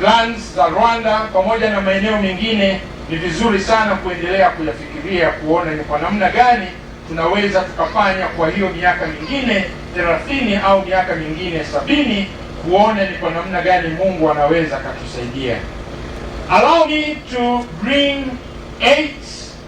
plans za Rwanda pamoja na maeneo mengine, ni vizuri sana kuendelea kuyafikiria kuona ni kwa namna gani tunaweza tukafanya kwa hiyo miaka mingine thelathini au miaka mingine sabini kuona ni kwa namna gani Mungu anaweza akatusaidia. Allow me to bring eight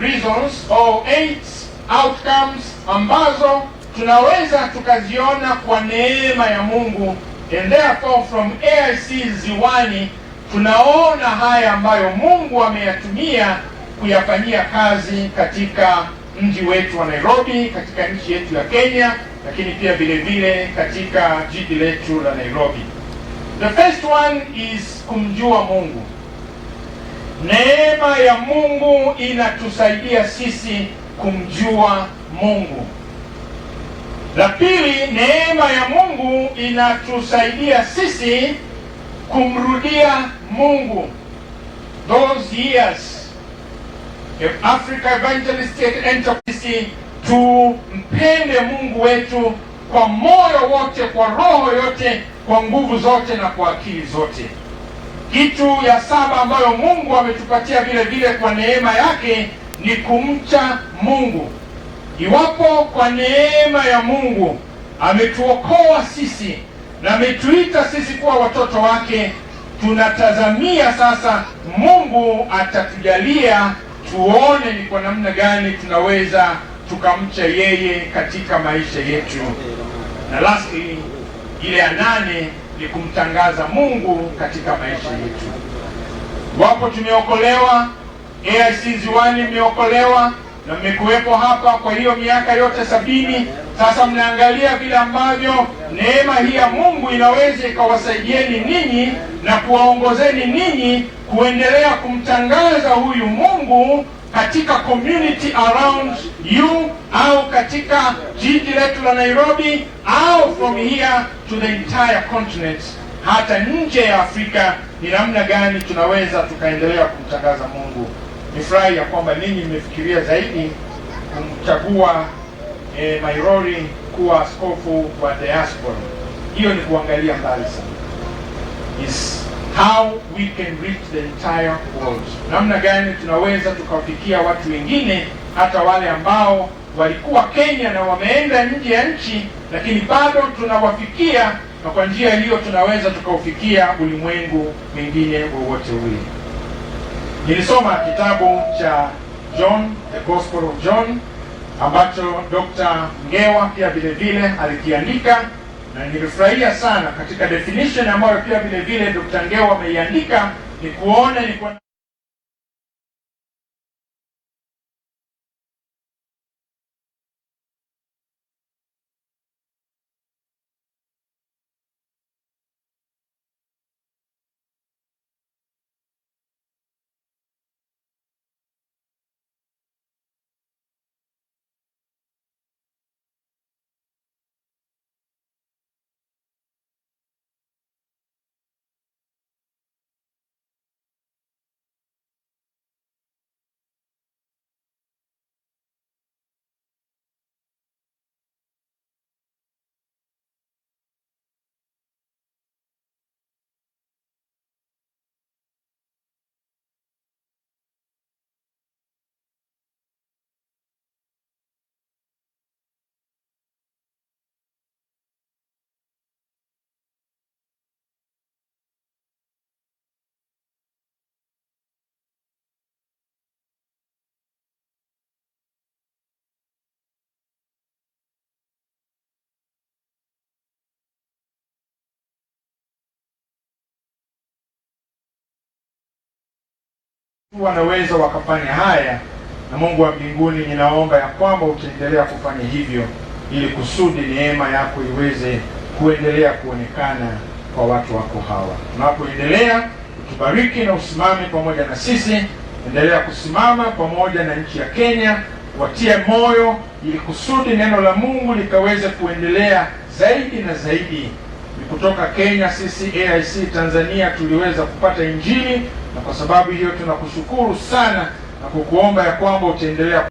reasons or eight outcomes ambazo tunaweza tukaziona kwa neema ya Mungu And therefore from AIC Ziwani tunaona haya ambayo Mungu ameyatumia kuyafanyia kazi katika mji wetu wa Nairobi, katika nchi yetu ya Kenya, lakini pia vile vile katika jiji letu la Nairobi. The first one is kumjua Mungu. Neema ya Mungu inatusaidia sisi kumjua Mungu. La pili, neema ya Mungu inatusaidia sisi kumrudia Mungu. Those years if Africa Evangelistic Enterprise, tumpende Mungu wetu kwa moyo wote, kwa roho yote, kwa nguvu zote na kwa akili zote. Kitu ya saba ambayo Mungu ametupatia vile vile kwa neema yake ni kumcha Mungu. Iwapo kwa neema ya Mungu ametuokoa sisi na ametuita sisi kuwa watoto wake, tunatazamia sasa Mungu atatujalia tuone ni kwa namna gani tunaweza tukamcha yeye katika maisha yetu. Na lastly, ile ya nane ni kumtangaza Mungu katika maisha yetu. Iwapo tumeokolewa, AIC Ziwani imeokolewa na mmekuwepo hapa kwa hiyo miaka yote sabini. Sasa mnaangalia vile ambavyo neema hii ya Mungu inaweza ikawasaidieni ninyi na kuwaongozeni ninyi kuendelea kumtangaza huyu Mungu katika community around you au katika jiji letu la Nairobi au from here to the entire continent, hata nje ya Afrika. Ni namna gani tunaweza tukaendelea kumtangaza Mungu? ni furahi ya kwamba ninyi mmefikiria zaidi kumchagua e, Mairori kuwa askofu wa diaspora. Hiyo ni kuangalia mbali sana, is how we can reach the entire world, namna gani tunaweza tukawafikia watu wengine, hata wale ambao walikuwa Kenya na wameenda nje ya nchi, lakini bado tunawafikia, na kwa njia hiyo tunaweza tukaufikia ulimwengu mwingine wowote ule. Nilisoma kitabu cha John, the Gospel of John ambacho Dr. Ngewa pia vile vile alikiandika na nilifurahia sana katika definition ambayo pia vile vile Dr. Ngewa ameiandika ni kuona ni kwa Wanaweza wakafanya haya, na Mungu wa mbinguni, ninaomba ya kwamba utaendelea kufanya hivyo, ili kusudi neema yako iweze kuendelea kuonekana kwa watu wako hawa. Tunapoendelea, utubariki na usimame pamoja na sisi. Endelea kusimama pamoja na nchi ya Kenya, watie moyo, ili kusudi neno la Mungu likaweze kuendelea zaidi na zaidi kutoka Kenya sisi AIC Tanzania tuliweza kupata Injili, na kwa sababu hiyo tunakushukuru sana na kukuomba ya kwamba utaendelea.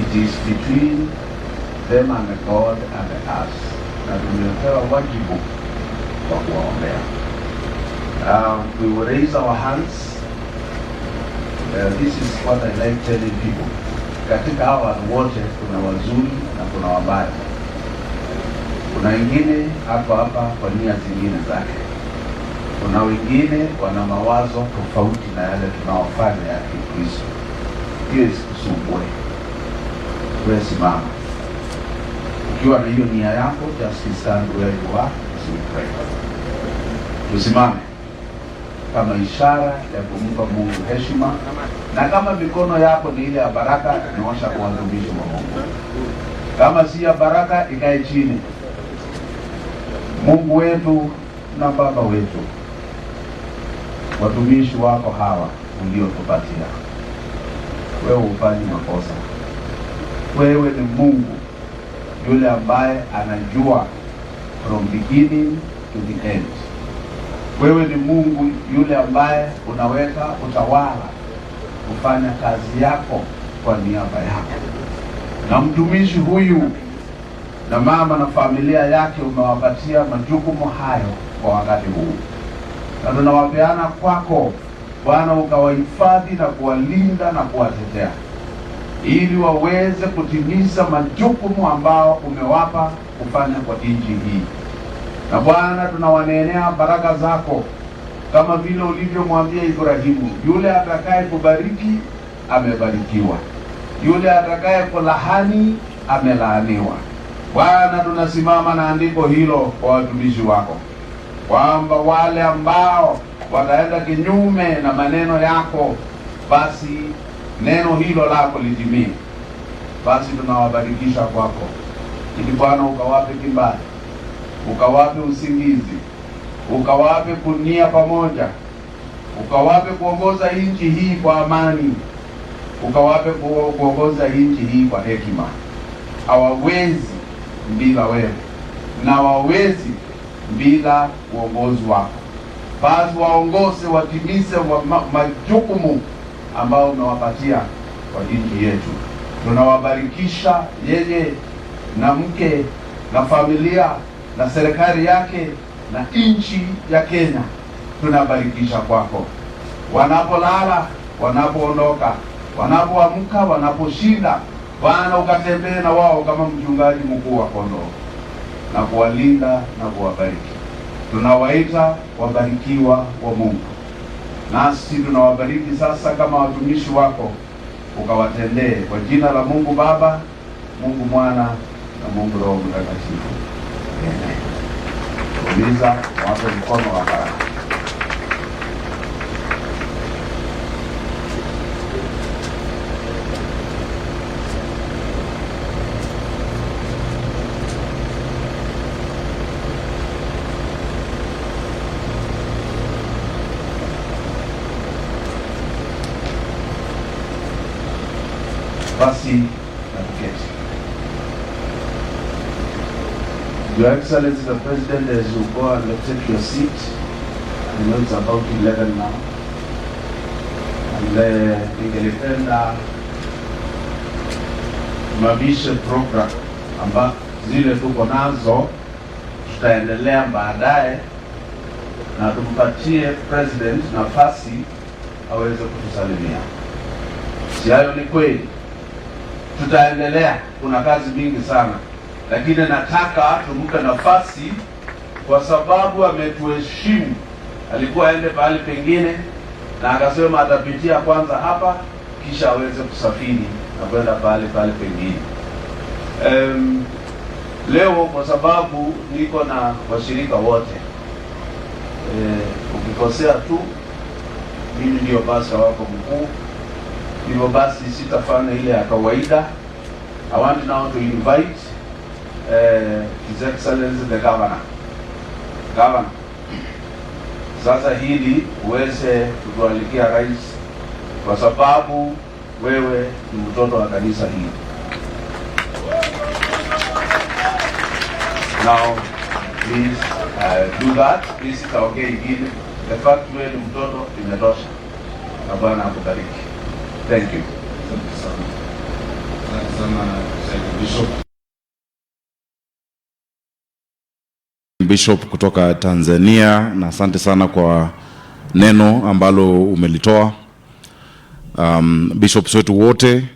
It is between them and God and us, na tumepewa wajibu wa kuwaombea. Um, we will raise our hands. Uh, this is what I like telling people. Katika hawa wote kuna wazuri kuna wabaya, kuna wengine hapa hapa kwa nia zingine zake, kuna wengine wana mawazo tofauti na yale tunaofanya ya Kikristo. Hiyo isikusumbue, wewe simama ukiwa na hiyo nia yako, jasisandulaiwa tusimame kama ishara ya kumpa Mungu heshima na kama mikono yako ni ile ya baraka, naosha kuwadhubisha wa Mungu. Kama si ya baraka ikae chini. Mungu wetu na Baba wetu, watumishi wako hawa uliotupatia wewe, hufanyi makosa. Wewe ni Mungu yule ambaye anajua from beginning to the end. Wewe ni Mungu yule ambaye unaweka utawala kufanya kazi yako kwa niaba yako na mtumishi huyu na mama na familia yake umewapatia majukumu hayo kwa wakati huu, na tunawapeana kwako Bwana, ukawahifadhi na kuwalinda na kuwatetea ili waweze kutimiza majukumu ambao umewapa kufanya kwa nchi hii. Na Bwana, tunawanenea baraka zako kama vile ulivyomwambia Ibrahimu, yule atakaye kubariki amebarikiwa yule atakaye kulahani amelaaniwa. Bwana, tunasimama na andiko hilo kwa watumishi wako kwamba wale ambao wataenda kinyume na maneno yako, basi neno hilo lako litimie. Basi tunawabarikisha kwako, ili Bwana ukawape kimbali, ukawape usingizi, ukawape kunia pamoja, ukawape kuongoza nchi hii kwa amani ukawape kuongoza nchi hii kwa hekima. Hawawezi bila wewe na hawawezi bila uongozi wako. Basi waongoze, watimize wa majukumu ambayo umewapatia kwa nchi yetu. Tunawabarikisha yeye na mke na familia na serikali yake na nchi ya Kenya, tunabarikisha kwako, wanapolala, wanapoondoka wanapoamka, wanaposhinda, Bwana ukatembee na wao kama mchungaji mkuu wa kondoo na kuwalinda na kuwabariki. Tunawaita wabarikiwa wa Mungu, nasi tunawabariki sasa kama watumishi wako, ukawatendee kwa jina la Mungu Baba, Mungu Mwana na Mungu Roho Mtakatifu. Amen. Uliza wape mkono wa baraka. nafasi na kuketi. Your Excellency the President as you go and take your seat. I know it's about 11 now. And uh, ningelipenda simamishe program amba zile tuko nazo tutaendelea baadaye, na tumpatie president nafasi aweze kutusalimia. Si hayo ni kweli? tutaendelea, kuna kazi mingi sana, lakini nataka tumpe nafasi kwa sababu ametuheshimu. Alikuwa aende pahali pengine na akasema atapitia kwanza hapa kisha aweze kusafiri na kwenda pahali pahali pengine. Um, leo kwa sababu niko na washirika wote e, ukikosea tu mimi ndio basi wako mkuu hivyo basi sitafanya ile ya kawaida. I want now to invite uh, His Excellency the Governor. Governor, sasa hili uweze kutualikia rais, kwa sababu wewe ni mtoto wa kanisa hili. Now please uh, do that. Please itaongea ingine, the fact wewe ni mtoto imetosha, na Bwana akubariki. Thank you. Bishop kutoka Tanzania na asante sana kwa neno ambalo umelitoa. Um, bishops wetu wote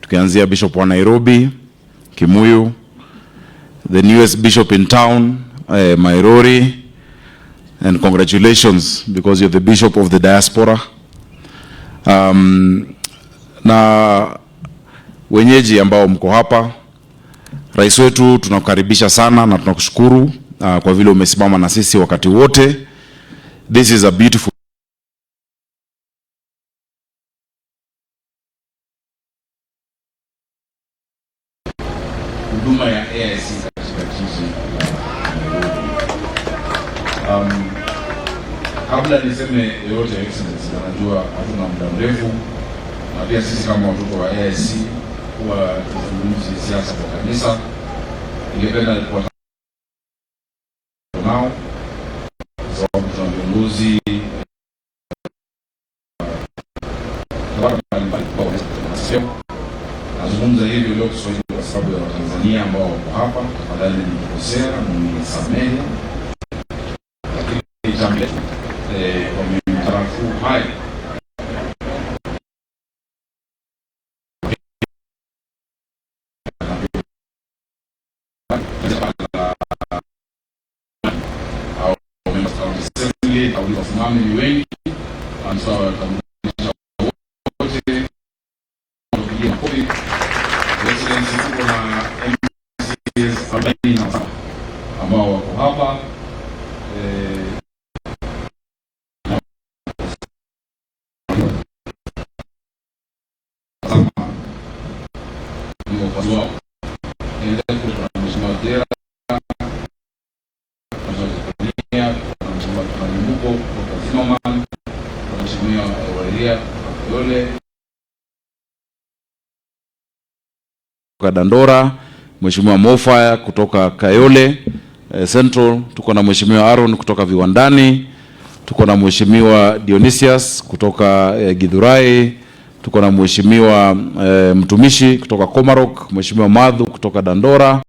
tukianzia bishop wa Nairobi, Kimuyu, the newest bishop in town, eh, Mairori and congratulations because you're the bishop of the diaspora. Um, na wenyeji ambao mko hapa, rais wetu tunakukaribisha sana na tunakushukuru uh, kwa vile umesimama na sisi wakati wote. This is a beautiful rahisi kuwa tuzungumzi siasa kwa kanisa. Ningependa nao kwa sababu tuna viongozi nazungumza hivyo leo Kiswahili kwa sababu ya Watanzania ambao wako hapa. Tafadhali nikosea mnisamehe, lakini eh, kwa mtarafu haya Waislamu ni wengi, maafisa watambulisha wote, wapigie makofi. Excellency, tuko na Mheshimiwa Walia Yole kutoka Dandora, Mheshimiwa Mofaya kutoka Kayole eh, Central, tuko na Mheshimiwa Aaron kutoka Viwandani, tuko na Mheshimiwa Dionysius kutoka eh, Githurai, tuko na Mheshimiwa eh, mtumishi kutoka Komarok, Mheshimiwa Madhu kutoka Dandora.